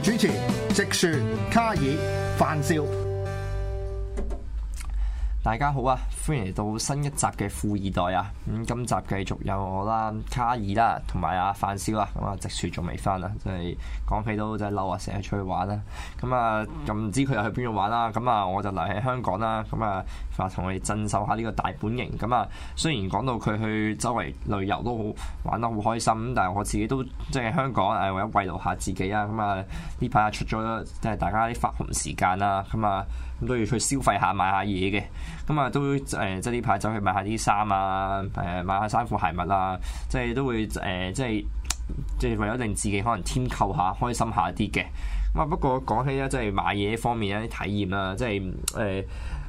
主持：直樹卡爾、范少，大家好啊！歡迎嚟到新一集嘅富易袋啊！咁今集繼續有我啦，卡爾啦，同埋阿范少啦。咁啊，直樹仲未翻啊，真係講起都真係嬲啊！成日出去玩啦，咁、嗯、啊，咁唔知佢又去邊度玩啦？咁、嗯、啊，我就留喺香港啦。咁、嗯、啊，話同佢鎮守下呢個大本營。咁、嗯、啊，雖然講到佢去周圍旅遊都好玩得好開心，但係我自己都即係香港，誒，為咗慰勞下自己啊。咁、嗯、啊，呢排啊，出咗即係大家啲發紅包時間啊，咁、嗯、啊，咁、嗯、都要去消費下買下嘢嘅。咁、嗯、啊，都。誒即係呢排走去買下啲衫啊，誒買下衫褲鞋襪啊，即係都會誒、呃、即係即係為咗令自己可能添購下開心一下啲嘅。咁啊不過講起咧，即係買嘢方面一啲體驗啦，即係誒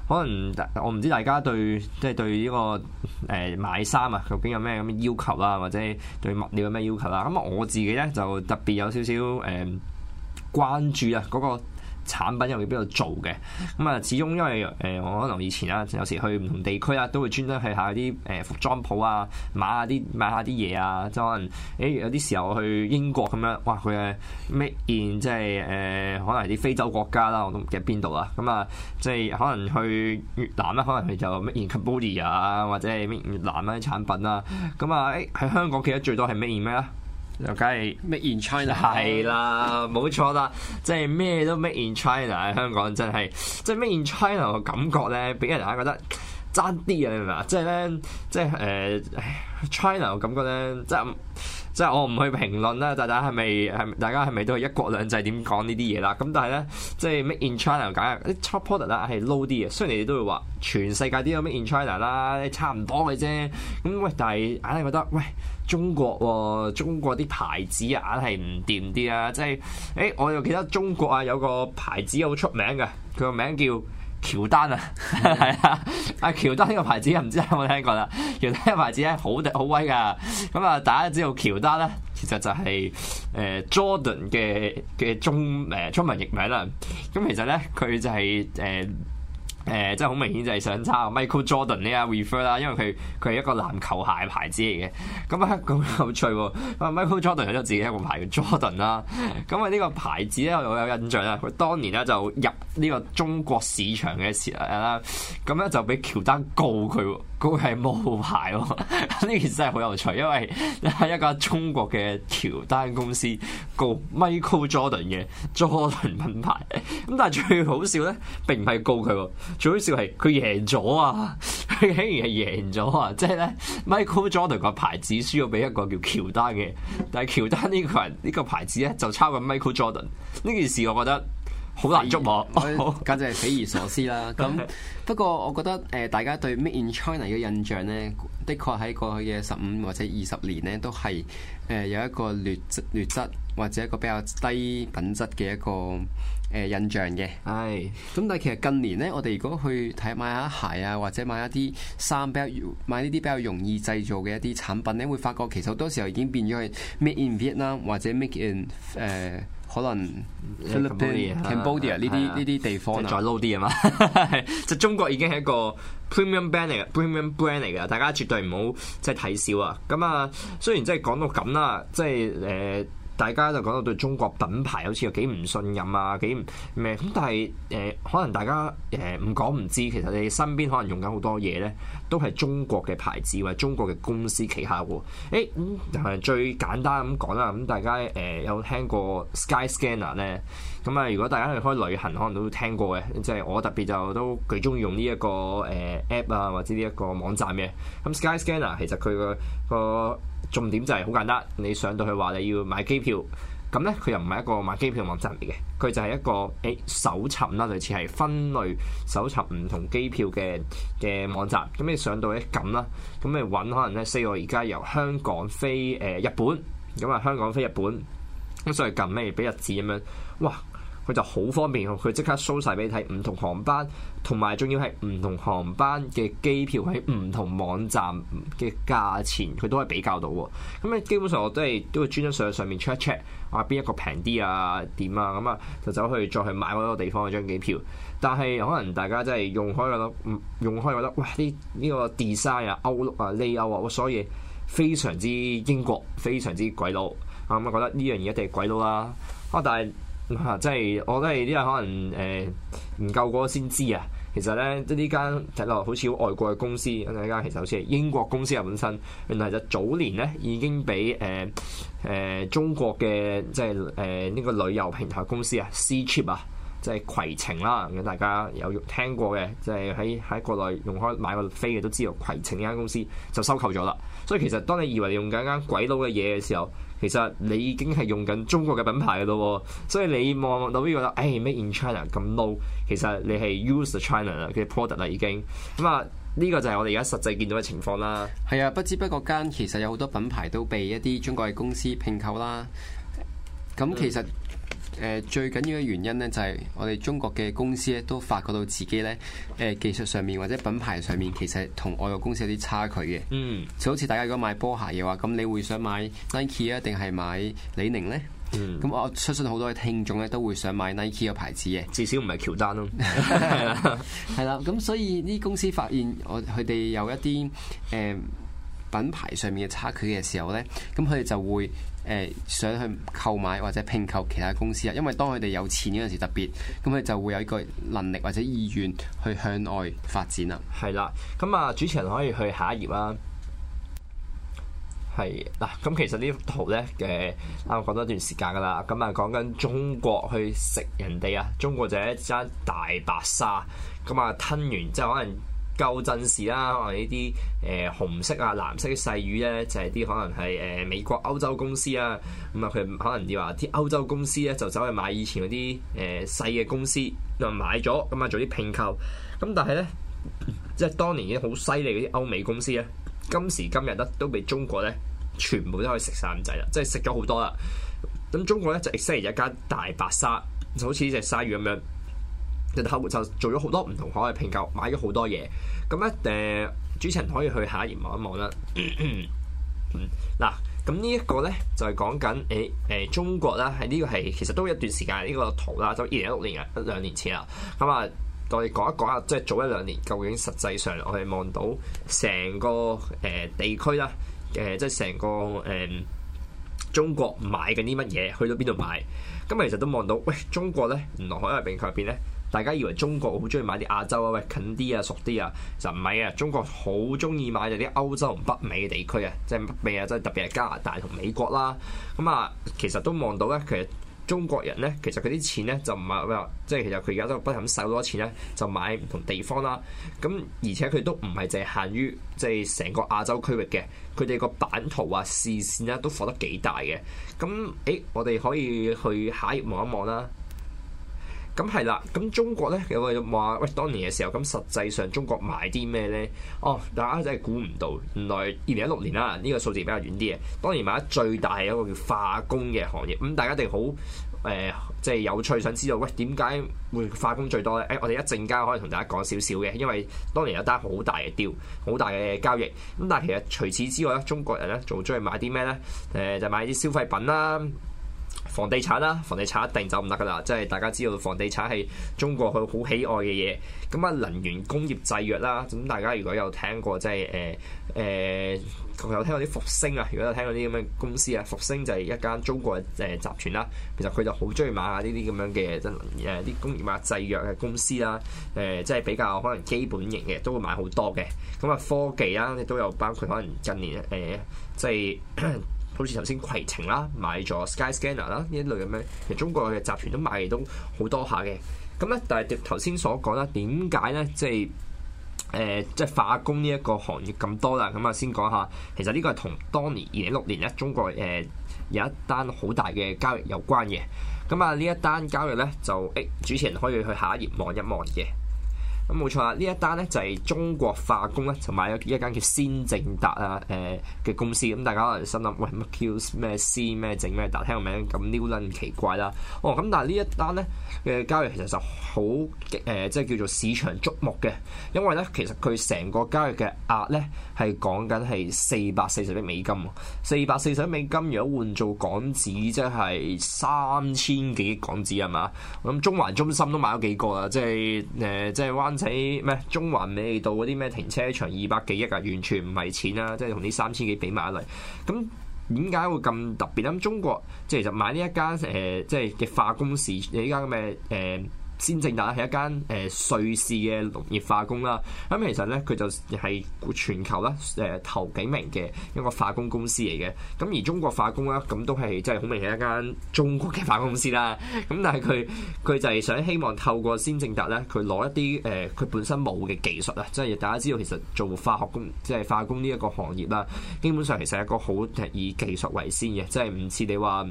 可能我唔知大家對即係對呢、呢個誒、呃、買衫啊，究竟有咩咁要求啊，或者對物料有咩要求啊。咁我自己咧就特別有少少誒關注啊、那、嗰、個產品又會邊度做嘅？咁啊，始終因為誒，我、呃、可能以前啊，有時去唔同地區啊，都會專登去下啲誒服裝鋪啊，買下啲買下啲嘢啊。即可能誒、欸，有啲時候去英國咁、啊、樣，哇！佢係 made in 即係誒，可能啲非洲國家啦、啊，我都唔記得邊度啊。咁、嗯、啊，即係可能去越南啦、啊，可能佢就 made in Cambodia 啊，或者係 made in 越南嗰、啊、啲產品啊。咁、嗯、啊，喺、欸、香港記得最多係 made in 咩啊？又梗係 make in China 係啦， 冇錯啦，即係咩都 make in China 喺香港真係，即係 make in China 嘅感覺咧，俾人啊覺得爭啲啊，你明唔明啊？即係咧，即係誒、呃哎、China 嘅感覺咧，即係。即係我唔去評論啦，大家係咪係大家係咪都係一國兩制點講呢啲嘢啦？咁但係咧，即係 make in China 解假，啲 top product 啊係 low 啲嘅，雖然你哋都會話全世界都有 make in China 啦，差唔多嘅啫。咁喂，但係硬係覺得喂中國喎，中國啲、啊、牌子硬係唔掂啲啊！即係誒、欸，我又記得中國啊有個牌子好出名嘅，佢個名叫。喬喬丹啊，係啊，阿喬丹呢個牌子又唔知有冇聽過啦。喬丹呢個牌子咧，好好威㗎。咁啊，大家都知道喬丹咧，其實就係誒 Jordan 嘅嘅中誒中文譯名啦。咁其實咧，佢就係、是、誒。呃誒，即係、呃、好明顯就係想抄 Michael Jordan 呢家 refer 啦，因為佢佢係一個籃球鞋牌子嚟嘅。咁啊，咁有趣喎！Michael Jordan 有自己一個牌叫 Jordan 啦。咁啊，呢個牌子咧，我有印象啦，佢當年咧就入呢個中國市場嘅時候啦，咁咧就俾喬丹告佢，告佢係冒牌。呢件真係好有趣，因為係一個中國嘅喬丹公司告 Michael Jordan 嘅 Jordan 品牌。咁但係最好笑咧，並唔係告佢喎。最好笑係佢贏咗啊！佢竟然係贏咗啊！即係咧，Michael Jordan 個牌子輸咗俾一個叫喬丹嘅，但係喬丹呢個人呢、呢個牌子咧就抄緊 Michael Jordan。呢件事我覺得好難捉摸，好是 簡直係匪夷所思啦！咁 不過我覺得誒、呃，大家對 Made in China 嘅印象咧，的確喺過去嘅十五或者二十年咧，都係誒、呃、有一個劣質劣質或者一個比較低品質嘅一個。誒印象嘅，係咁，但係其實近年咧，我哋如果去睇買下鞋啊，或者買一啲衫，比較買呢啲比較容易製造嘅一啲產品咧，會發覺其實好多時候已經變咗係 made in Vietnam 啦，或者 made in 誒、呃、可能 Philippines、Cambodia 呢啲呢啲地方再 low 啲啊嘛， 就中國已經係一個 premium brand 嚟嘅，premium brand 嚟嘅，大家絕對唔好即係睇小啊！咁、就、啊、是，雖然即係講到咁啦，即係誒。呃大家就講到對中國品牌好似有幾唔信任啊，幾唔咩咁？但係誒、呃，可能大家誒唔、呃、講唔知，其實你身邊可能用緊好多嘢咧，都係中國嘅牌子或者中國嘅公司旗下喎。誒、欸嗯，就係最簡單咁講啦，咁大家誒、呃、有聽過 SkyScanner 咧？咁啊，如果大家去開旅行，可能都聽過嘅，即係我特別就都幾中意用呢一個誒 app 啊，或者呢一個網站嘅。咁 SkyScanner 其實佢個個重點就係好簡單，你上到去話你要買機票，咁咧佢又唔係一個買機票網站嚟嘅，佢就係一個誒、哎、搜尋啦，類似係分類搜尋唔同機票嘅嘅網站。咁你上到去撳啦，咁你搵可能咧四個而家由香港飛誒、呃、日本，咁啊香港飛日本，咁所以撳咩？俾日子咁樣，哇！佢就好方便，佢即刻 show 曬俾你睇唔同航班，同埋仲要係唔同航班嘅機票喺唔同網站嘅價錢，佢都係比較到喎。咁啊，基本上我都係都會專登上上面 check check，話邊一個平啲啊？點啊？咁、嗯、啊，就走去再去買嗰個地方嗰張機票。但係可能大家真係用開,用開覺得，用開覺得哇！啲呢、這個 design 啊，歐陸啊，利歐啊，所以非常之英國，非常之鬼佬啊。咁、嗯、啊，我覺得呢樣嘢一定係鬼佬啦啊，但係。嗯、即係我覺得係呢個可能誒唔、呃、夠嗰個先知啊。其實咧，即呢間睇落好似好外國嘅公司，呢間其實好似係英國公司啊本身。原來就早年咧已經俾誒誒中國嘅即係誒呢個旅遊平台公司啊，Ctrip 啊，C、ip，即係攜程啦，咁大家有聽過嘅，即係喺喺國內用開買個飛嘅都知道，攜程呢間公司就收購咗啦。所以其實當你以為你用緊一間鬼佬嘅嘢嘅時候，其實你已經係用緊中國嘅品牌嘅咯、哦，所以你望到呢個咧，誒、哎、made in China 咁 low，其實你係 use the China 啊嘅 product 啦已經。咁、嗯、啊，呢、這個就係我哋而家實際見到嘅情況啦。係啊，不知不覺間其實有好多品牌都被一啲中國嘅公司併購啦。咁其實，嗯誒最緊要嘅原因咧，就係我哋中國嘅公司咧，都發覺到自己咧，誒技術上面或者品牌上面，其實同外國公司有啲差距嘅。嗯，就好似大家如果買波鞋嘅話，咁你會想買 Nike 啊，定係買李寧咧？嗯，咁我相信好多嘅聽眾咧都會想買 Nike 嘅牌子嘅。至少唔係喬丹咯。係啦 係啦，咁所以呢啲公司發現我佢哋有一啲誒、嗯、品牌上面嘅差距嘅時候咧，咁佢哋就會。誒想去購買或者拼購其他公司啊，因為當佢哋有錢嗰陣時，特別咁佢就會有一個能力或者意願去向外發展啦。係啦，咁啊主持人可以去下一頁啦。係嗱，咁其實呢幅圖咧嘅啱講多一段時間噶啦，咁啊講緊中國去食人哋啊，中國就係一間大白鯊咁啊吞完之後可能。舊陣時啦，可能呢啲誒紅色啊、藍色嘅細魚咧，就係、是、啲可能係誒、呃、美國、歐洲公司啊，咁啊佢可能要話啲歐洲公司咧，就走去買以前嗰啲誒細嘅公司，咁啊買咗，咁啊做啲拼購，咁但係咧，即係當年已經好犀利嗰啲歐美公司咧，今時今日咧都俾中國咧全部都可以食曬咁滯啦，即係食咗好多啦。咁中國咧就亦都係一間大白鯊，就好似呢隻鯊魚咁樣。就做咗好多唔同海外評價，買咗好多嘢咁咧。主持人可以去下一頁望一望啦。嗱，咁呢一個咧就係講緊誒誒中國啦。喺呢個係其實都有一段時間呢個圖啦，就二零一六年一兩年前啦。咁啊，我哋講一講下，即係早一兩年究竟實際上我哋望到成個誒地區啦，誒即係成個誒中國買緊啲乜嘢，去到邊度買？咁其實都望到，喂中國咧，唔同海外評價入邊咧。大家以為中國好中意買啲亞洲啊，喂近啲啊，熟啲啊，就唔係啊！中國好中意買啲歐洲同北美嘅地區啊，即係北美啊，即係特別係加拿大同美國啦。咁啊，其實都望到咧，其實中國人咧，其實佢啲錢咧就唔係，即、就、係、是、其實佢而家都不忍使多錢咧，就買唔同地方啦。咁而且佢都唔係淨係限於即係成個亞洲區域嘅，佢哋個版圖啊視線咧都放得幾大嘅。咁誒、欸，我哋可以去下月望一望啦。咁係啦，咁、嗯嗯、中國咧有位話：喂，當年嘅時候，咁實際上中國買啲咩咧？哦，大家真係估唔到，原來二零一六年啦，呢、這個數字比較遠啲嘅。當年買得最大係一個叫化工嘅行業，咁、嗯、大家一定好誒，即、呃、係有趣，想知道喂，點解會化工最多咧？誒、哎，我哋一陣間可以同大家講少少嘅，因為當年有單好大嘅雕、好大嘅交易。咁、嗯、但係其實除此之外咧，中國人咧仲中意買啲咩咧？誒、呃，就買啲消費品啦。房地產啦，房地產一定就唔得噶啦，即係大家知道房地產係中國佢好喜愛嘅嘢。咁啊，能源工業製藥啦，咁大家如果有聽過，即係誒誒，有聽過啲復星啊，如果有聽過啲咁嘅公司啊，復星就係一間中國嘅誒集團啦。其實佢就好中意買下呢啲咁樣嘅，即係誒啲工業啊製藥嘅公司啦。誒，即係比較可能基本型嘅都會買好多嘅。咁啊，科技啦，亦都有包括可能近年誒、呃，即係。 好似頭先攜程啦，買咗 Sky Scanner 啦，呢類咁樣，其實中國嘅集團都買都好多下嘅。咁咧，但係頭先所講啦，點解咧？即係誒，即係化工呢一個行業咁多啦。咁啊，先講下其實呢個係同當年二零一六年咧，中國誒有一單好大嘅交易有關嘅。咁啊，呢一單交易咧，就誒主持人可以去下一頁望一望嘅。咁冇錯啦，呢一單咧就係中國化工咧，就買咗一間叫先正達啊，誒嘅公司。咁大家可能心諗，喂，乜叫咩先咩整咩達？聽個名咁 new 撚奇怪啦。哦，咁但係呢一單咧嘅交易其實就好誒，即係叫做市場矚目嘅，因為咧其實佢成個交易嘅額咧係講緊係四百四十億美金，四百四十億美金如果換做港紙，即係三千幾億港紙啊嘛。咁中環中心都買咗幾個啦，即係誒、呃，即係使咩？中環美利道嗰啲咩停車場二百幾億啊，完全唔係錢啦，啊，即係同啲三千幾比埋一嚟。咁點解會咁特別咧，啊？咁中國即係就買呢一間誒，即係嘅化工事呢間咁嘅誒。先正達咧係一間誒、呃、瑞士嘅農業化工啦，咁、嗯、其實咧佢就係全球咧誒、呃、頭幾名嘅一個化工公司嚟嘅。咁而中國化工咧，咁都係即係好明顯一間中國嘅化工公司啦。咁、嗯、但係佢佢就係想希望透過先正達咧，佢攞一啲誒佢本身冇嘅技術啊，即係大家知道其實做化學工即係、就是、化工呢一個行業啦，基本上其實係一個好以技術為先嘅，即係唔似你話。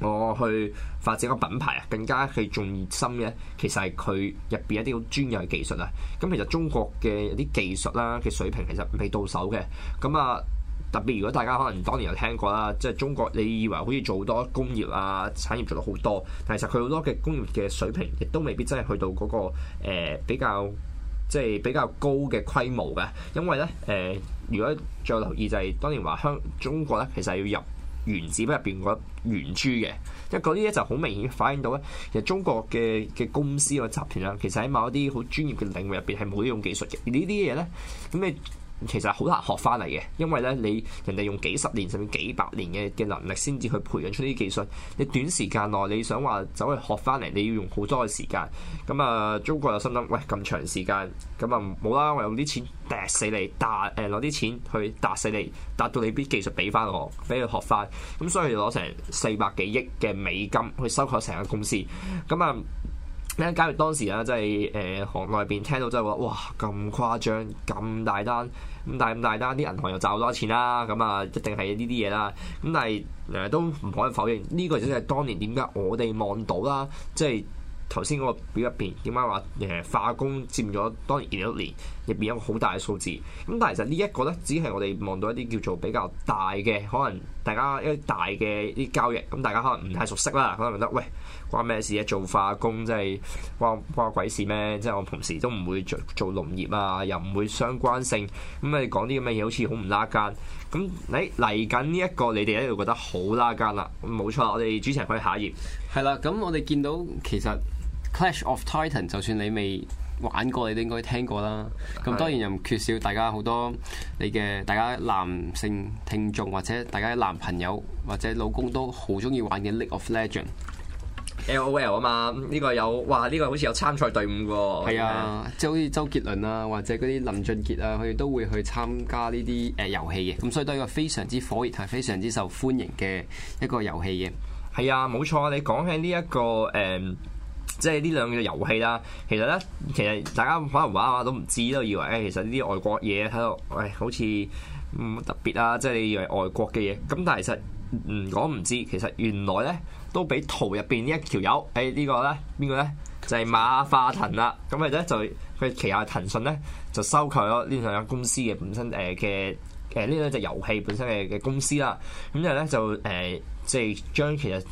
我、哦、去發展個品牌啊，更加係仲熱心嘅，其實係佢入邊一啲好專業嘅技術啊。咁其實中國嘅啲技術啦嘅水平其實未到手嘅。咁啊，特別如果大家可能當年有聽過啦，即、就、係、是、中國你以為好似做多工業啊產業做到好多，但係其實佢好多嘅工業嘅水平亦都未必真係去到嗰、那個、呃、比較即係、就是、比較高嘅規模嘅，因為咧誒、呃，如果再留意就係、是、當年話香中國咧，其實要入。原子筆入邊嗰圓珠嘅，即係嗰啲咧就好明顯反映到咧，其實中國嘅嘅公司個集團啦，其實喺某一啲好專業嘅領域入邊係冇呢種技術嘅，而呢啲嘢咧咁你。其實好難學翻嚟嘅，因為咧你人哋用幾十年甚至幾百年嘅嘅能力先至去培養出呢啲技術，你短時間內你想話走去學翻嚟，你要用好多嘅時間。咁、嗯、啊，中國又心諗喂咁長時間，咁啊好啦，無無我用啲錢掟死你，掟誒攞啲錢去掟死你，掟到你啲技術俾翻我，俾佢學翻。咁、嗯、所以攞成四百幾億嘅美金去收購成間公司，咁、嗯、啊。嗯咁假如當時啦，即係誒行內邊聽到真係話，哇咁誇張咁大單，咁大咁大單，啲銀行又賺好多錢、啊、啦，咁啊一定係呢啲嘢啦。咁但係誒都唔可以否認，呢、這個就係當年點解我哋望到啦，即係頭先嗰個表入邊點解話誒化工佔咗當年二零年入邊一個好大嘅數字。咁但係其實呢一個咧，只係我哋望到一啲叫做比較大嘅，可能大家一啲大嘅啲交易，咁大家可能唔太熟悉啦，可能覺得喂。關咩事啊？做化工即係關關鬼事咩？即係我同時都唔會做做農業啊，又唔會相關性，咁你講啲咁嘅嘢好似好唔拉更。咁嚟嚟緊呢一個，你哋一路覺得好拉更啦。冇錯，我哋主持人去下一頁係啦。咁我哋見到其實《Clash of Titan》就算你未玩過，你都應該聽過啦。咁當然又唔缺少大家好多你嘅大家男性聽眾，或者大家男朋友或者老公都好中意玩嘅《League of Legend》。L O L 啊嘛，呢個有，哇！呢個好似有參賽隊伍喎。係啊，即係好似周杰倫啊，或者嗰啲林俊傑啊，佢哋都會去參加呢啲誒遊戲嘅。咁所以都係一個非常之火熱，係非常之受歡迎嘅一個遊戲嘅。係啊，冇錯。你講起呢一個誒，即係呢兩個遊戲啦。其實咧，其實大家可能玩話都唔知，都以為誒，其實呢啲外國嘢睇到，喂、哎，好似唔特別啊。即係你以為外國嘅嘢。咁但係其實唔講唔知，其實原來咧。都俾圖入邊呢一條友，誒、哎這個、呢個咧邊個咧就係、是、馬化騰啦，咁誒咧就佢旗下騰訊咧就收購咗呢兩間公司嘅本身誒嘅誒呢兩隻遊戲本身嘅嘅、呃、公司啦，咁之後咧就誒即係將其實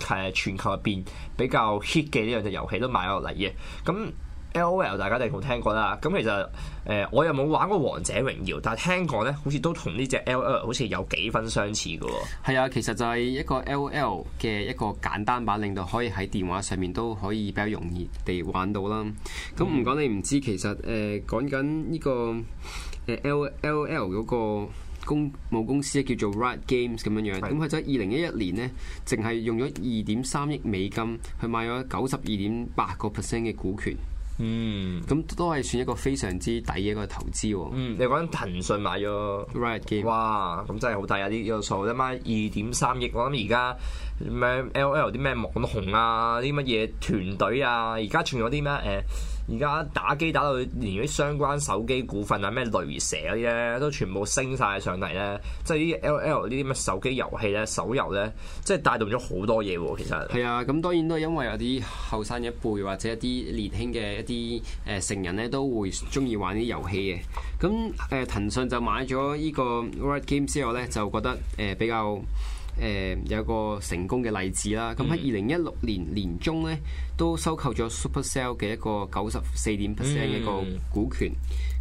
係全球入邊比較 hit 嘅呢兩隻遊戲都買落嚟嘅，咁、嗯。L O L，大家一定冇聽過啦。咁其實誒，我又冇玩過王者榮耀，但係聽講咧，好似都同呢隻 L O L 好似有幾分相似嘅。係啊、嗯，其實就係一個 L O L 嘅一個簡單版，令到可以喺電話上面都可以比較容易地玩到啦。咁唔講你唔知，其實誒講緊呢個誒、呃、L L L 嗰個公務公司叫做 Riot Games 咁樣樣。咁佢就喺二零一一年呢，淨係用咗二點三億美金去買咗九十二點八個 percent 嘅股權。嗯，咁都係算一個非常之抵嘅一個投資喎。嗯，你講緊騰訊買咗 Riot Game，哇，咁真係好大啊！啲要數一萬二點三億，我諗而家咩 L O L 啲咩網紅啊，啲乜嘢團隊啊，而家仲有啲咩誒？呃而家打機打到佢連啲相關手機股份啊，咩雷蛇嗰啲咧，都全部升晒上嚟咧。即係啲 L L 呢啲乜手機遊戲咧，手遊咧，即係帶動咗好多嘢喎。其實係啊，咁、啊、當然都係因為有啲後生一輩或者一啲年輕嘅一啲誒成人咧，都會中意玩啲遊戲嘅。咁誒騰訊就買咗依個 Riot Games 之後咧，就覺得誒、呃、比較。誒、呃、有個成功嘅例子啦，咁喺二零一六年年中咧，都收購咗 SuperCell 嘅一個九十四點 percent 嘅一個股權，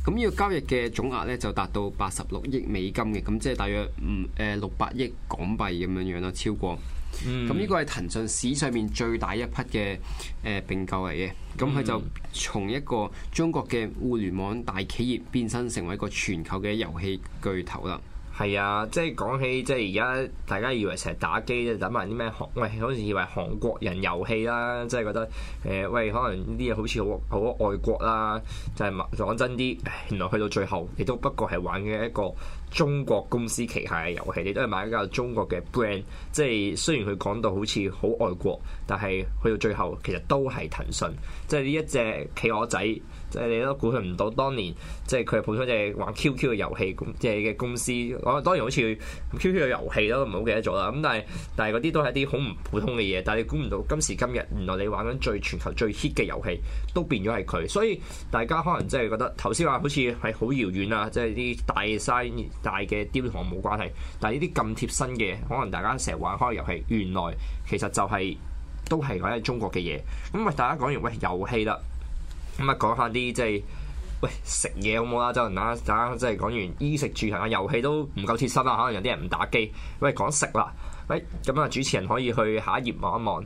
咁呢個交易嘅總額咧就達到八十六億美金嘅，咁即係大約唔誒六百億港幣咁樣樣啦，超過，咁呢個係騰訊史上面最大一筆嘅誒併購嚟嘅，咁、呃、佢就從一個中國嘅互聯網大企業變身成為一個全球嘅遊戲巨頭啦。係啊，即係講起即係而家大家以為成日打機，就等埋啲咩韓，喂，好似以為韓國人遊戲啦，即係覺得誒、呃，喂，可能呢啲嘢好似好好愛國啦，就係講真啲，原來去到最後，亦都不過係玩嘅一個中國公司旗下嘅遊戲，你都係買一間中國嘅 brand，即係雖然佢講到好似好愛國，但係去到最後其實都係騰訊，即係呢一隻企鵝仔，即係你都估佢唔到當年，即係佢係普通一隻玩 QQ 嘅遊戲咁，即係嘅公司。我當然好似 QQ 嘅遊戲都唔好記得咗啦。咁但係但係嗰啲都係一啲好唔普通嘅嘢，但係你估唔到今時今日，原來你玩緊最全球最 hit 嘅遊戲都變咗係佢。所以大家可能即係覺得頭先話好似係好遙遠啊，即係啲大 size。大嘅雕同我冇關係，但係呢啲咁貼身嘅，可能大家成日玩開個遊戲，原來其實就係、是、都係講緊中國嘅嘢。咁、嗯、啊，大家講完喂遊戲啦，咁、嗯、啊講下啲即係喂食嘢好冇啦，就啱啱即係講完衣食住行啊，遊戲都唔夠貼身啊，可能有啲人唔打機。喂，講食啦，喂，咁、嗯、啊主持人可以去下一頁望一望。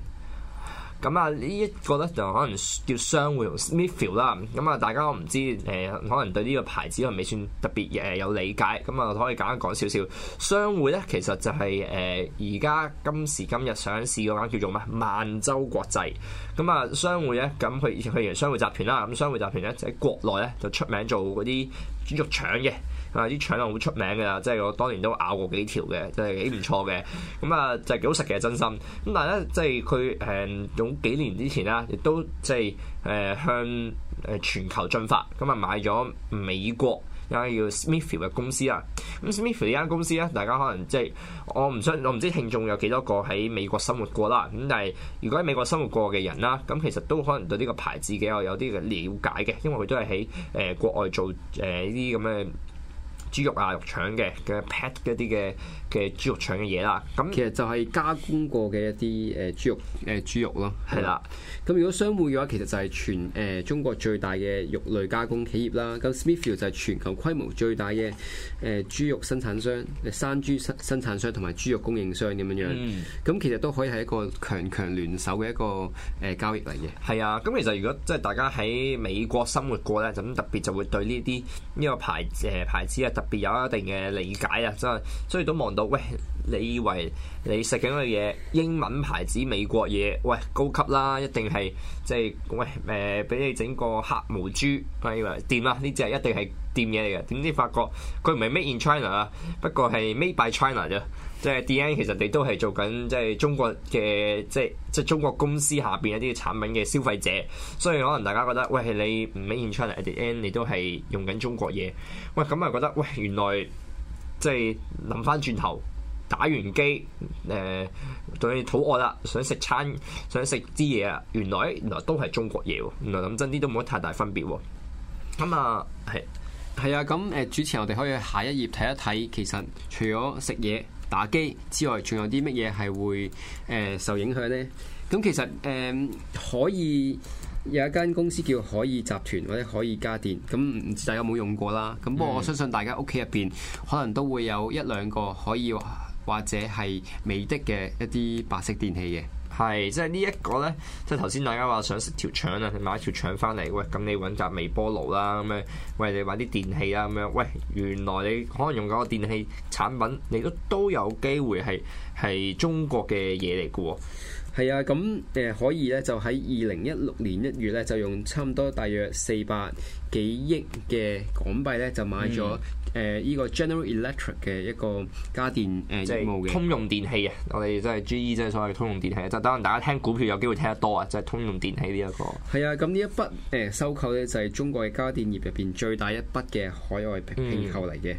咁啊，呢一個咧就可能叫商會同 Smithfield 啦。咁啊，大家我唔知誒，可能對呢個牌子可能未算特別誒有理解。咁啊，可以簡單講少少。商會咧，其實就係誒而家今時今日上市嗰間叫做咩？萬洲國際。咁啊，商會咧，咁佢佢原商會集團啦。咁商會集團咧，喺國內咧就出名做嗰啲。豬肉腸嘅，啊啲腸又好出名嘅啦，即係我當年都咬過幾條嘅，真係幾唔錯嘅，咁啊就係幾好食嘅真心。咁但係咧，即係佢誒用幾年之前啦，亦都即係誒、呃、向誒全球進發，咁、嗯、啊買咗美國。而家要 Smithfield 嘅公司啦，咁 Smithfield 呢間公司咧，大家可能即係我唔想我唔知聽眾有幾多個喺美國生活過啦。咁但係如果喺美國生活過嘅人啦，咁其實都可能對呢個牌子嘅有有啲嘅了解嘅，因為佢都係喺誒國外做誒呢啲咁嘅。呃這豬肉啊，肉腸嘅嘅 pet 嗰啲嘅嘅豬肉腸嘅嘢啦，咁其實就係加工過嘅一啲誒、呃、豬肉誒、呃、豬肉咯，係啦。咁的如果商匯雙匯嘅話，其實就係全誒、呃、中國最大嘅肉類加工企業啦。咁 Smithfield 就係全球規模最大嘅誒、呃、豬肉生產商、生豬生生產商同埋豬肉供應商咁樣樣。咁、嗯、其實都可以係一個強強聯手嘅一個誒、呃、交易嚟嘅。係啊，咁其實如果即係大家喺美國生活過咧，咁特別就會對呢啲呢個牌誒、呃、牌子啊。特別有一定嘅理解啊，真係所以都望到，喂，你以為你食緊嘅嘢英文牌子美國嘢，喂，高級啦，一定係即係喂誒，俾、呃、你整個黑毛豬，你以為掂啦？呢隻一,一定係掂嘢嚟嘅，點知發覺佢唔係 Made in China 啊，不過係 Made by China 啫。即係 DN 其實你都係做緊即係中國嘅，即係即係中國公司下邊一啲產品嘅消費者。所以可能大家覺得，喂，你 make in China 嘅 DNA，你都係用緊中國嘢。喂，咁啊覺得，喂，原來即係諗翻轉頭，打完機，誒、呃，對你肚餓啦，想食餐，想食啲嘢啊，原來原來都係中國嘢喎，原來諗真啲都冇乜太大分別喎。咁、嗯、啊，係係啊，咁、呃、誒主持人，我哋可以下一頁睇一睇。其實除咗食嘢。打機之外，仲有啲乜嘢係會誒受影響呢？咁其實誒、呃、可以有一間公司叫海爾集團或者海爾家電，咁唔知大家有冇用過啦？咁不過我相信大家屋企入邊可能都會有一兩個可以或者係美的嘅一啲白色電器嘅。係，即係呢一個呢，即係頭先大家話想食條腸啊，買一條腸翻嚟，喂，咁你揾架微波爐啦，咁樣，喂，你買啲電器啦，咁樣，喂，原來你可能用嗰個電器產品，你都都有機會係係中國嘅嘢嚟嘅喎。係啊，咁誒可以咧，就喺二零一六年一月咧，就用差唔多大約四百幾億嘅港幣咧，就買咗誒呢個 General Electric 嘅一個家電誒，即係通用電器啊！嗯、的我哋即係 GE 即係所謂通用電器，就等、是、陣大家聽股票有機會聽得多啊！就係、是、通用電器呢、這、一個。係啊，咁呢一筆誒收購咧，就係、是、中國嘅家電業入邊最大一筆嘅海外併購嚟嘅。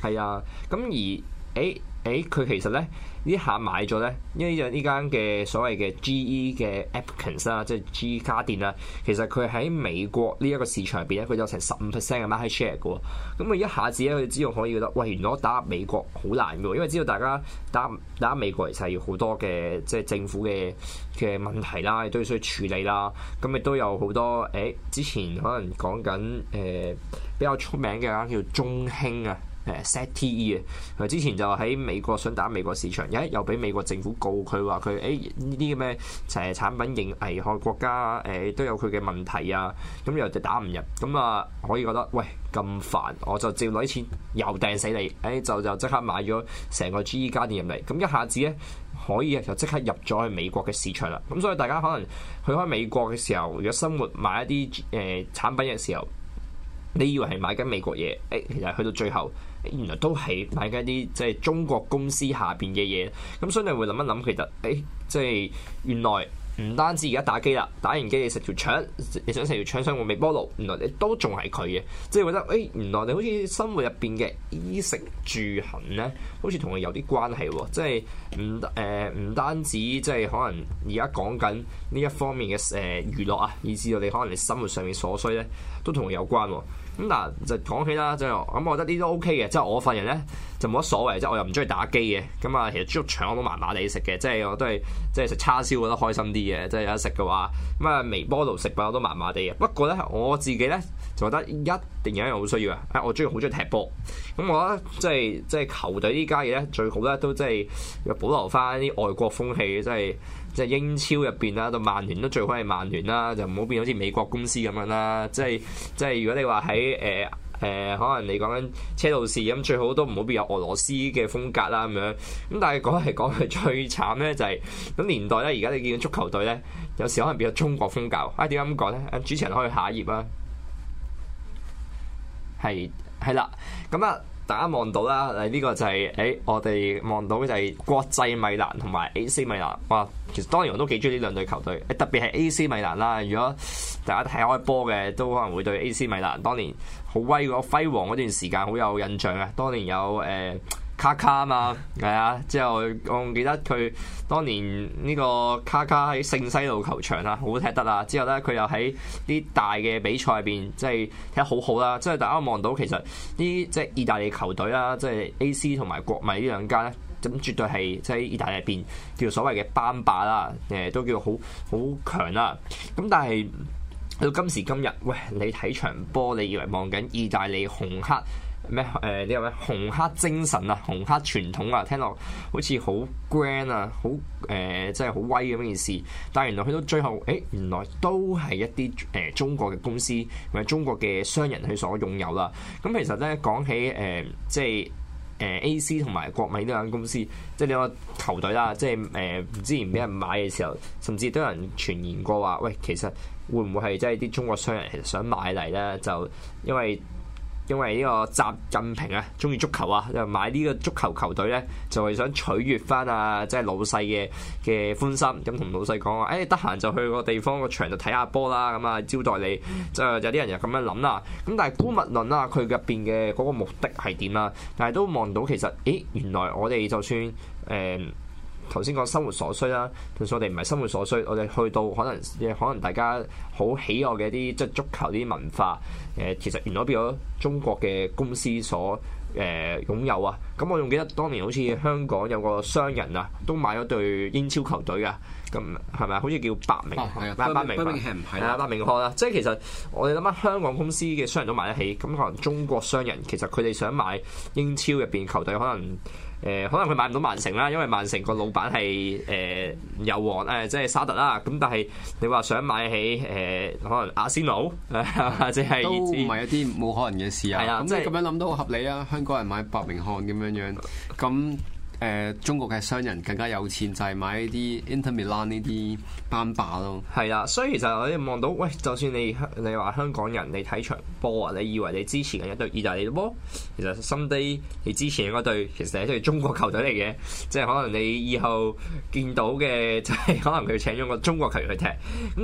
係、嗯、啊，咁而誒。欸誒佢、欸、其實咧，呢下買咗咧，因為呢依間嘅所謂嘅 GE 嘅 Appliance 啦，即係 GE 家電啦，其實佢喺美國呢一個市場入邊咧，佢有成十五 percent 嘅 market share 嘅喎。咁佢一下子咧，佢知道可以覺得，喂，原來打美國好難嘅喎，因為知道大家打打美國其實要好多嘅即係政府嘅嘅問題啦，都要需要處理啦。咁亦都有好多誒、欸，之前可能講緊誒、呃、比較出名嘅叫中興啊。誒 sette 啊！佢之前就喺美國想打美國市場，誒又俾美國政府告佢話佢誒呢啲咁嘅誒產品認危害國家，誒、欸、都有佢嘅問題啊！咁、嗯、又就打唔入，咁、嗯、啊可以覺得喂咁煩，我就照攞啲錢又掟死你，誒、欸、就就即刻買咗成個 GE 家電入嚟，咁、嗯、一下子咧可以就即刻入咗去美國嘅市場啦！咁、嗯、所以大家可能去開美國嘅時候，如果生活買一啲誒、呃、產品嘅時候，你以為係買緊美國嘢，誒、哎，其實去到最後，哎、原來都係買緊啲即係中國公司下邊嘅嘢。咁所以你會諗一諗，其實誒，即、哎、係、就是、原來唔單止而家打機啦，打完機你食條腸，你想食條腸上個微波爐，原來你都仲係佢嘅。即、就、係、是、覺得誒、哎，原來你好似生活入邊嘅衣食住行咧，好似同佢有啲關係、哦。即係唔誒，唔、呃、單止即係可能而家講緊呢一方面嘅誒、呃、娛樂啊，以至到你可能你生活上面所需咧，都同佢有關、哦。咁嗱就講起啦，就咁我覺得呢啲都 OK 嘅，即係我份人咧就冇乜所謂，即係我又唔中意打機嘅，咁啊其實豬肉腸我都麻麻哋食嘅，即係我都係即係食叉燒覺得開心啲嘅，即係有得食嘅話，咁啊微波爐食品我都麻麻哋嘅。不過咧我自己咧就覺得一定有一樣好需要啊，我中意好中意踢波，咁我覺得，即係即係球隊家呢家嘢咧最好咧都即係保留翻啲外國風氣即係。即係英超入邊啦，到曼聯都最好係曼聯啦，就唔好變好似美國公司咁樣啦。即係即係如果你話喺誒誒，可能你講緊車路士咁，最好都唔好變有俄羅斯嘅風格啦咁樣。咁但係講嚟講去最慘咧，就係咁年代咧，而家你見到足球隊咧，有時可能變咗中國風格。啊、哎，點解咁講咧？主持人可以下一頁、啊、啦。係係啦，咁啊。大家望到啦，誒、這、呢個就係、是、誒、哎、我哋望到就係國際米蘭同埋 AC 米蘭。哇，其實當年我都幾中意呢兩隊球隊、哎，特別係 AC 米蘭啦。如果大家睇開波嘅，都可能會對 AC 米蘭當年好威嗰輝煌嗰段時間好有印象呀。當年有誒。呃卡卡啊嘛，係啊，之後我記得佢當年呢個卡卡喺聖西路球場啊，好踢得啊，之後咧佢又喺啲大嘅比賽入邊，即係踢得好好啦。即係大家望到，其實呢啲即係意大利球隊啦，即係 A.C. 同埋國米呢兩間咧，咁絕對係即係意大利入邊叫所謂嘅班霸啦，誒都叫好好強啦。咁但係到今時今日，喂，你睇場波，你以為望緊意大利紅黑？咩？誒，呢個咩？紅黑精神啊，紅黑傳統啊，聽落好似好 grand 啊，好誒，即係好威咁件事。但係原來去到最後，誒，原來都係一啲誒、呃、中國嘅公司或者中國嘅商人去所擁有啦。咁、嗯、其實咧，講起誒、呃，即係誒、呃、A. C. 同埋國米呢兩間公司，即係呢個球隊啦，即係誒，之前俾人買嘅時候，甚至都有人傳言過話，喂，其實會唔會係即係啲中國商人其實想買嚟咧？就因為因為呢個習近平啊，中意足球啊，就買呢個足球球隊呢，就係、是、想取悅翻啊，即係老細嘅嘅歡心。咁、嗯、同老細講話，誒得閒就去個地方個場度睇下波啦，咁、嗯、啊招待你。就有啲人又咁樣諗啦。咁但係姑勿論啦、啊，佢入邊嘅嗰個目的係點啊？但係都望到其實，誒原來我哋就算誒。嗯頭先講生活所需啦，其實我哋唔係生活所需，我哋去到可能，可能大家好喜愛嘅一啲，即係足球啲文化，誒，其實原來變咗中國嘅公司所誒擁有啊。咁我仲記得當年好似香港有個商人啊，都買咗對英超球隊啊。咁係咪好似叫伯明，伯明，伯明係唔係啊？伯明翰啊！即係其實我哋諗下香港公司嘅商人都買得起，咁可能中國商人其實佢哋想買英超入邊球隊，可能誒可能佢買唔到曼城啦，因為曼城個老闆係誒油王誒即係沙特啦。咁但係你話想買起誒可能阿仙奴，即係都唔係一啲冇可能嘅事啊！咁即係咁樣諗都好合理啊！香港人買伯明翰咁樣樣咁。誒、嗯，中國嘅商人更加有錢，就係、是、買呢啲 Inter Milan 呢啲班霸咯。係啦，所以其實我哋望到，喂，就算你你話香港人，你睇場波，你以為你之前緊一隊意大利波，其實心 u d a y 你之前嘅一隊其實係一係中國球隊嚟嘅，即、就、係、是、可能你以後見到嘅就係可能佢請咗個中國球員去踢咁。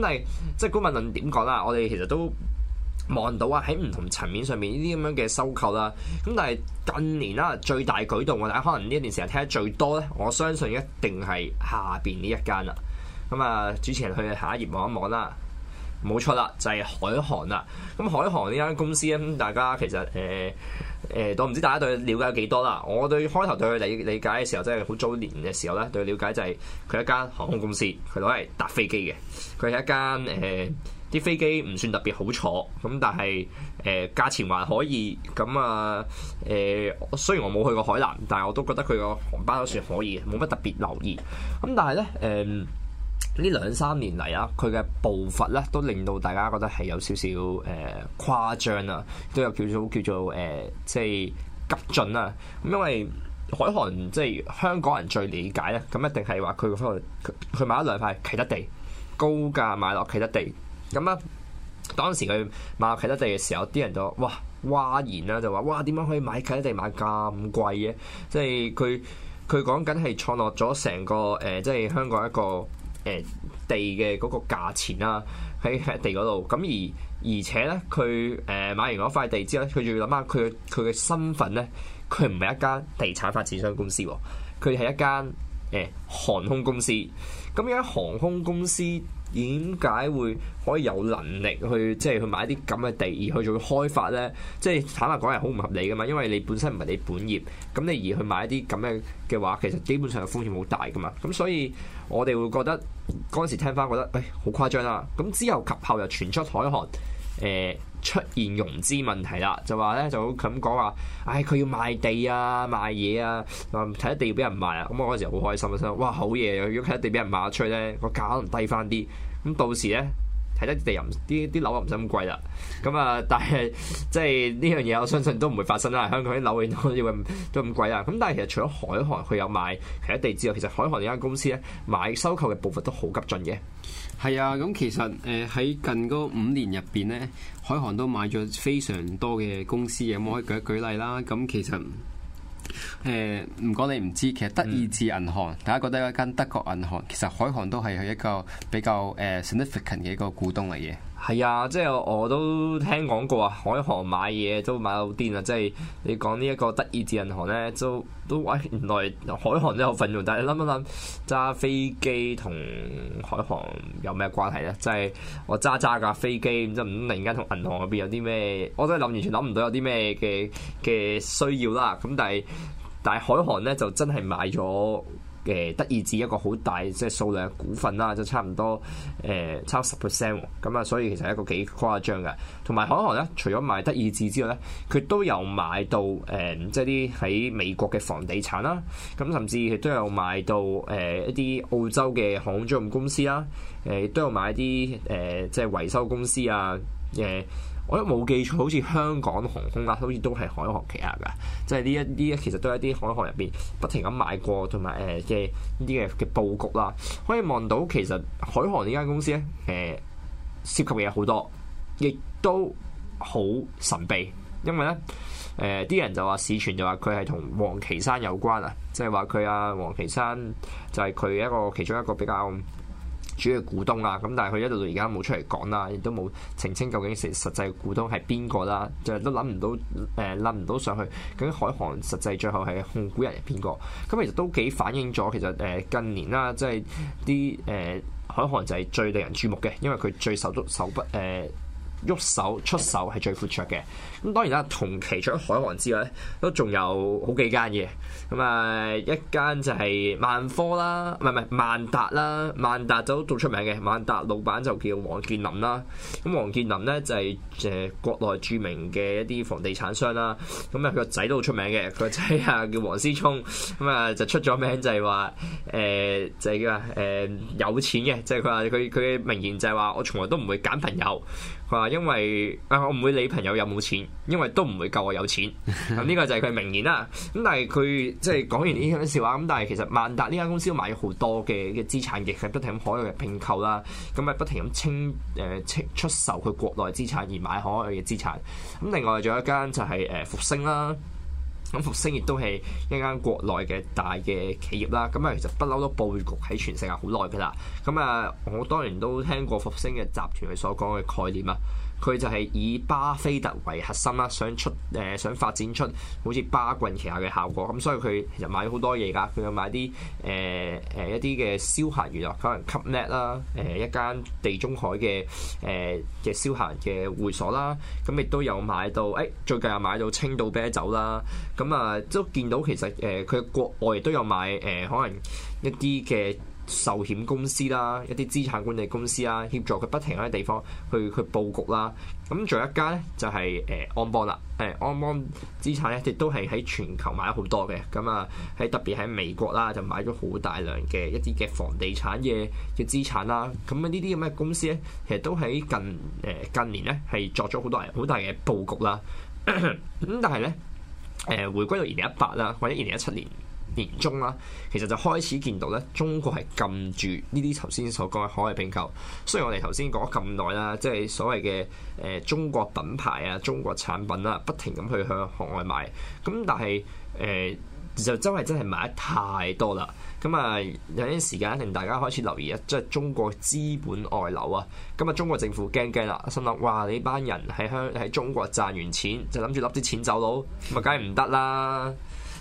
但係即係公問論點講啦，我哋其實都。望到啊，喺唔同層面上面呢啲咁樣嘅收購啦，咁但係近年啦，最大舉動，我哋可能呢一段時間聽得最多咧，我相信一定係下邊呢一間啦。咁、嗯、啊，主持人去下一頁望一望啦。冇錯啦，就係、是、海航啦。咁、嗯、海航呢間公司咧，大家其實誒誒，我、呃、唔、呃、知大家對佢了解幾多啦。我對開頭對佢理理解嘅時候，真係好早年嘅時候咧，對佢了解就係、是、佢一間航空公司，佢攞嚟搭飛機嘅。佢係一間誒，啲、呃、飛機唔算特別好坐，咁、嗯、但係誒、呃、價錢還可以。咁啊誒，雖然我冇去過海南，但係我都覺得佢個航班都算可以，冇乜特別留意。咁、嗯、但係咧誒。呃呢兩三年嚟啦、啊，佢嘅步伐咧都令到大家覺得係有少少誒、呃、誇張啊，都有叫做叫做誒、呃，即係急進啊。咁因為海航即係香港人最理解咧，咁一定係話佢佢買咗兩塊啟德地，高價買落啟德地咁啊。當時佢買落啟德地嘅時候，啲人都哇譁然啦、啊，就話哇點樣可以買啟德地買咁貴嘅？即係佢佢講緊係創落咗成個誒、呃，即係香港一個。誒地嘅嗰個價錢啦、啊，喺塊地嗰度。咁而而且咧，佢誒買完嗰塊地之後咧，佢仲要諗下佢佢嘅身份咧，佢唔係一間地產發展商公司，佢係一間誒、欸、航空公司。咁而航空公司。點解會可以有能力去即係、就是、去買啲咁嘅地而去做開發呢？即係坦白講係好唔合理噶嘛，因為你本身唔係你本業，咁你而去買一啲咁嘅嘅話，其實基本上風險好大噶嘛。咁所以我哋會覺得嗰陣時聽返覺得誒好誇張啦、啊。咁之後及後又傳出海航誒。欸出現融資問題啦，就話咧就咁講話，唉佢要賣地啊賣嘢啊，話睇得地要俾人賣啊，咁我嗰時好開心啊，真係哇好嘢啊！如果睇得地俾人賣出去咧，個價可能低翻啲，咁到時咧睇得地又唔啲啲樓又唔使咁貴啦，咁啊但係即係呢樣嘢我相信都唔會發生啦，香港啲樓點解會都咁貴啊？咁但係其實除咗海航佢有買睇得地之外，其實海航呢間公司咧買收購嘅步伐都好急進嘅。係啊，咁其實誒喺近嗰五年入邊呢，海航都買咗非常多嘅公司，有冇可以舉一舉例啦。咁其實誒唔講你唔知，其實德意志銀行，嗯、大家覺得一間德國銀行，其實海航都係係一個比較誒 significant 嘅一個股東嚟嘅。係啊，即係我都聽講過啊，海航買嘢都買到癲啊！即係你講呢一個德意志銀行咧，都都喂，原來海航都有份用。但係你諗一諗，揸飛機同海航有咩關係咧？即係我揸揸架飛機，咁即唔明，突然間同銀行入邊有啲咩？我都係諗完全諗唔到有啲咩嘅嘅需要啦。咁但係但係海航咧就真係買咗。嘅德意志一個好大即係數量股份啦，就差唔多誒，差十 percent 喎。咁、呃、啊，所以其實一個幾誇張嘅。同埋海航咧，除咗買德意志之外咧，佢都有買到誒、呃，即係啲喺美國嘅房地產啦。咁、啊、甚至亦都有買到誒、呃、一啲澳洲嘅航空租務公司啦。誒、啊，都有買一啲誒、呃，即係維修公司啊，誒、呃。我都冇記錯，好似香港航空啦、啊，好似都係海航旗下㗎，即係呢一啲其實都係一啲海航入邊不停咁買過，同埋誒嘅啲嘅嘅佈局啦、啊。可以望到其實海航呢間公司咧，誒、呃、涉及嘅嘢好多，亦都好神秘，因為咧誒啲人就話市傳就話佢係同王岐山有關、就是、啊，即係話佢啊，王岐山就係佢一個其中一個比較。主要股東啦，咁但係佢一度到而家冇出嚟講啦，亦都冇澄清究竟成實際股東係邊個啦，就係都諗唔到誒諗唔到上去，究竟海航實際最後係控股人係邊個？咁其實都幾反映咗，其實誒近年啦，即係啲誒海航就係最令人注目嘅，因為佢最手都手筆誒。喐手出手係最闊綽嘅。咁，當然啦，同期除咗海航之外咧，都仲有好幾間嘢。咁、嗯、啊。一間就係萬科啦，唔係唔係萬達啦。萬達就都好出名嘅，萬達老闆就叫王健林啦。咁、嗯、王健林咧就係、是、誒、呃、國內著名嘅一啲房地產商啦。咁、嗯、啊，佢個仔都好出名嘅，佢個仔啊叫王思聰咁，啊、嗯嗯，就出咗名就係話誒就係、是、叫話誒、呃、有錢嘅，即係佢話佢佢嘅名言就係話我從來都唔會揀朋友。話因為啊，我唔會理朋友有冇錢，因為都唔會夠我有錢。咁、嗯、呢、這個就係佢名言啦。咁但係佢即係講完呢啲笑話。咁但係其實萬達呢間公司買咗好多嘅嘅資產亦係不停喺海外嘅併購啦。咁、啊、係不停咁清誒、呃、出售佢國內資產而買海外嘅資產。咁、啊、另外仲有一間就係、是、誒、呃、復星啦。咁復星亦都係一間國內嘅大嘅企業啦，咁啊，其實不嬲都佈局喺全世界好耐㗎啦。咁啊，我當然都聽過復星嘅集團佢所講嘅概念啦。佢就係以巴菲特為核心啦，想出誒、呃、想發展出好似巴郡旗下嘅效果，咁所以佢其實買咗好多嘢噶，佢有買啲誒誒一啲嘅消閒娛樂，可能 Club Med 啦，誒、呃、一間地中海嘅誒嘅消閒嘅會所啦，咁亦都有買到，誒、欸、最近又買到青島啤酒啦，咁啊都見到其實誒佢、呃、國外都有買誒、呃、可能一啲嘅。壽險公司啦，一啲資產管理公司啦，協助佢不停喺地方去去佈局啦。咁仲有一家咧、就是，就係誒安邦啦。誒、呃、安邦資產咧，亦都係喺全球買咗好多嘅。咁、嗯、啊，喺特別喺美國啦，就買咗好大量嘅一啲嘅房地產嘅嘅資產啦。咁、嗯、啊，呢啲咁嘅公司咧，其實都喺近誒、呃、近年咧，係作咗好多人好大嘅佈局啦。咁但係咧，誒、呃、回歸到二零一八啦，或者二零一七年。年中啦，其實就開始見到咧，中國係禁住呢啲頭先所講嘅海外併購。雖然我哋頭先講咗咁耐啦，即係所謂嘅誒、呃、中國品牌啊、中國產品啦、啊，不停咁去向海外賣。咁但係誒就真係真係買得太多啦。咁啊有啲時間令大家開始留意啊，即係中國資本外流啊。咁啊，中國政府驚驚啦，心諗：哇！你班人喺香喺中國賺完錢，就諗住笠啲錢走佬，咪梗係唔得啦！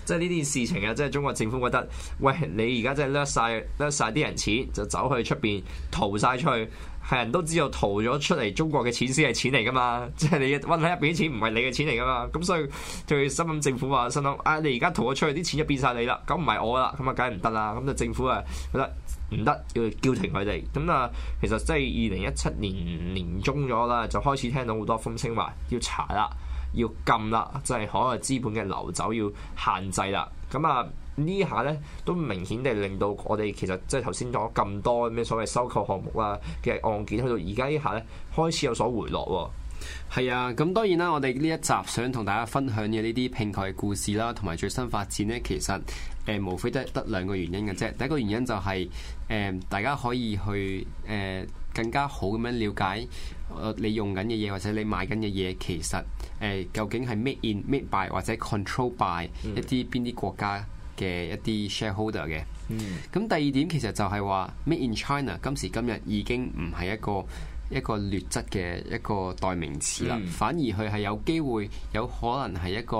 即係呢件事情啊！即係中國政府覺得，喂，你而家真係掠晒掠曬啲人錢，就走去出邊逃晒出去，係人都知道逃咗出嚟中國嘅錢先係錢嚟噶嘛！即係你韞喺入邊啲錢唔係你嘅錢嚟噶嘛！咁所以對新聞政府話，心諗啊，你而家逃咗出去啲錢就變晒你啦，咁唔係我啦，咁啊梗係唔得啦！咁就政府啊覺得唔得，要叫停佢哋。咁啊，其實即係二零一七年年中咗啦，就開始聽到好多風聲話要查啦。要禁啦，即係海外資本嘅流走要限制啦。咁啊，呢下呢都明顯地令到我哋其實即係頭先講咁多咩所謂收購項目啊嘅案件，去到而家呢下呢，開始有所回落。哦。係啊，咁當然啦，我哋呢一集想同大家分享嘅呢啲併購嘅故事啦，同埋最新發展呢，其實誒、呃、無非得得兩個原因嘅啫。第一個原因就係、是、誒、呃、大家可以去誒、呃、更加好咁樣了解。誒你用緊嘅嘢或者你買緊嘅嘢，其實誒、呃、究竟係 made in、made by 或者 controlled by 一啲邊啲國家嘅一啲 shareholder 嘅。咁、嗯、第二點其實就係話 made in China 今時今日已經唔係一個。一個劣質嘅一個代名詞啦，嗯、反而佢係有機會有可能係一個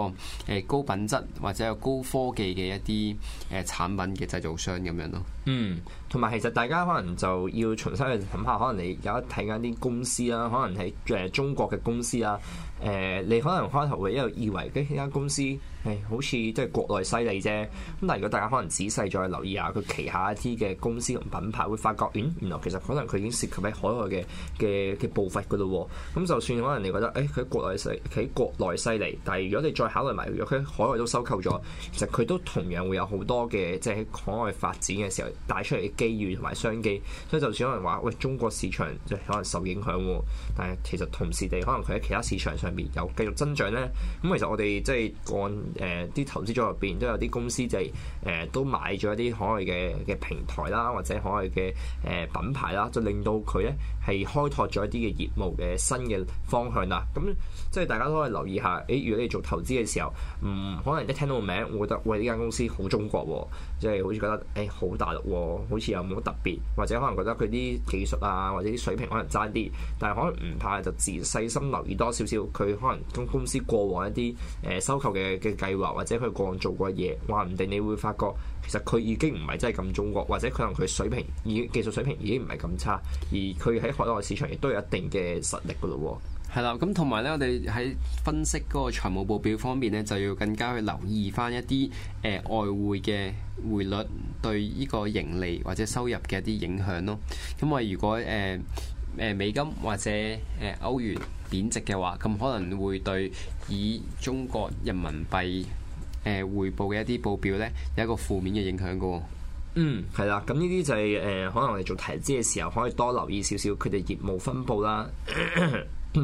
誒高品質或者有高科技嘅一啲誒產品嘅製造商咁樣咯。嗯，同埋其實大家可能就要重新去諗下，可能你有得睇緊啲公司啦，可能喺誒中國嘅公司啦。嗯嗯誒、呃，你可能開頭會一路以為嘅呢間公司誒、哎，好似都係國內犀利啫。咁但係如果大家可能仔細再留意下佢旗下一啲嘅公司同品牌，會發覺，咦，原來其實可能佢已經涉及喺海外嘅嘅嘅步伐㗎喇喎。咁就算可能你覺得，誒、哎，佢喺國內犀，喺國內犀利，但係如果你再考慮埋，若佢海外都收購咗，其實佢都同樣會有好多嘅即係喺海外發展嘅時候帶出嚟嘅機遇同埋商機。所以就算可能話，喂、哎，中國市場可能受影響、哦，但係其實同時地，可能佢喺其他市場上。又繼續增長咧，咁其實我哋即係幹誒啲投資組入邊都有啲公司就係、是、誒、呃、都買咗一啲海外嘅嘅平台啦，或者海外嘅誒品牌啦，就令到佢咧係開拓咗一啲嘅業務嘅新嘅方向啦。咁即係大家都係留意下，誒、欸，如果你做投資嘅時候，唔、嗯、可能一聽到個名，會覺得喂，呢間公司好中國、啊，即、就、係、是、好似覺得誒好、欸、大陸、啊，好似又冇乜特別，或者可能覺得佢啲技術啊，或者啲水平可能差啲，但係可能唔怕就自細心留意多少少。佢可能公司過往一啲誒、呃、收購嘅嘅計劃，或者佢過往做過嘢，話唔定你會發覺，其實佢已經唔係真係咁中國，或者可能佢水平已經技術水平已經唔係咁差，而佢喺海外市場亦都有一定嘅實力噶咯喎。係啦，咁同埋咧，我哋喺分析嗰個財務報表方面咧，就要更加去留意翻一啲誒、呃、外匯嘅匯率對呢個盈利或者收入嘅一啲影響咯。咁我如果誒。呃誒、呃、美金或者誒、呃、歐元貶值嘅話，咁可能會對以中國人民幣誒匯、呃、報嘅一啲報表呢，有一個負面嘅影響㗎喎。嗯，係啦，咁呢啲就係誒可能我哋做投資嘅時候可以多留意少少佢哋業務分布啦。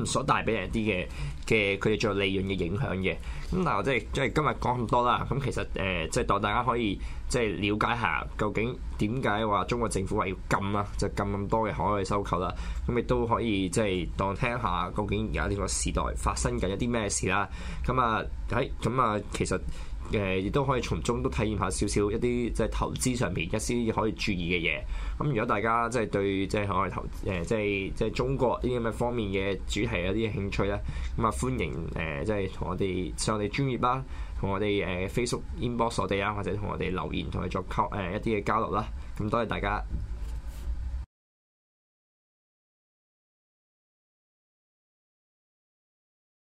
所帶俾一啲嘅嘅佢哋做利潤嘅影響嘅，咁、嗯、嗱即係即係今日講咁多啦。咁其實誒、呃、即係當大家可以即係了解下究竟點解話中國政府話要禁啦，就禁咁多嘅海外收購啦。咁、嗯、亦都可以即係當聽一下究竟而家呢個時代發生緊一啲咩事啦。咁啊喺咁啊其實。誒亦都可以從中都體驗下少少一啲即係投資上面一啲可以注意嘅嘢。咁如果大家即係對即係我哋投誒即係即係中國呢啲咁嘅方面嘅主題有啲興趣咧，咁啊歡迎誒即係同我哋上我哋專頁啦，同我哋誒 Facebook inbox 我哋啊，或者同我哋留言同我哋作溝一啲嘅交流啦。咁多謝大家。